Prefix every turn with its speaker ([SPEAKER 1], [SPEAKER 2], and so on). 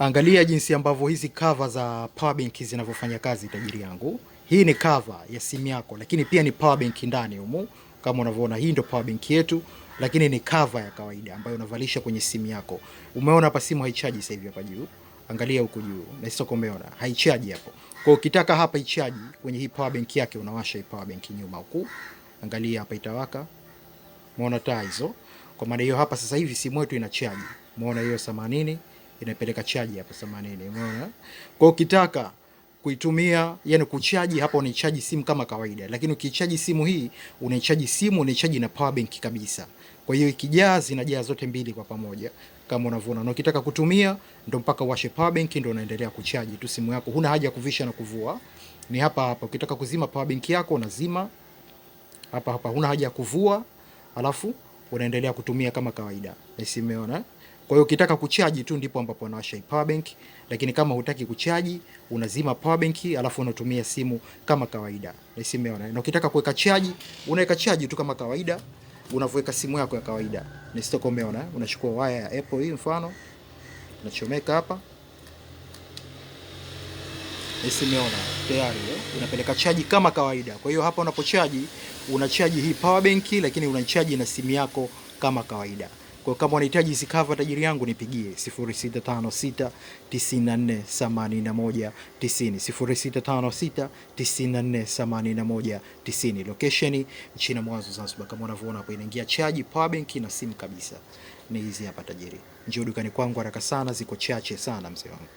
[SPEAKER 1] Angalia jinsi ambavyo hizi kava za power bank zinavyofanya kazi, tajiri yangu. Hii ni kava ya simu yako, lakini pia ni power bank ndani humu, kama unavyoona, hii ndio power bank yetu, lakini ni kava ya kawaida ambayo unavalisha kwenye simu yako. Umeona hapa simu haichaji sasa hivi hapa juu. Angalia huko juu. Na sio umeona, haichaji hapo. Kwa hiyo ukitaka hapa ichaji kwenye hii power bank yake, unawasha hii power bank nyuma huku. Angalia hapa itawaka. Umeona taa hizo? Kwa maana hiyo hapa sasa hivi simu yetu inachaji. Umeona hiyo 80 inapeleka chaji hapa 80, umeona. Kwa ukitaka kuitumia yani kuchaji hapa unaichaji simu kama kawaida, lakini ukichaji simu hii unaichaji simu unaichaji na power bank kabisa. Kwa hiyo ikijaa zinajaa zote mbili kwa pamoja kama unavyoona, na ukitaka kutumia ndo mpaka uwashe power bank ndo unaendelea kuchaji tu simu yako, huna haja ya kuvisha na kuvua, ni hapa hapa. Ukitaka kuzima power bank yako unazima hapa hapa, huna haja ya kuvua, alafu unaendelea kutumia kama kawaida, simeona kwa hiyo ukitaka kuchaji tu ndipo ambapo wanawasha power bank, lakini kama hutaki kuchaji unazima power bank alafu unatumia simu kama kawaida. Na simu na ukitaka kuweka chaji unaweka chaji tu kama kawaida unavyoweka simu yako ya kawaida. Ni sitoko umeona, unachukua waya ya Apple hii mfano unachomeka hapa. Ni simu umeona tayari eh? unapeleka chaji kama kawaida. Kwa hiyo hapa unapochaji unachaji hii power bank, lakini unachaji na simu yako kama kawaida. Kwa kama unahitaji hizi cover tajiri yangu nipigie 0656 94 Location mchina Mwanza, Zanzibar. Kama unavyoona hapo, inaingia chaji power bank na simu kabisa. Ni hizi hapa tajiri. Njoo dukani kwangu haraka sana, ziko chache sana mzee wangu.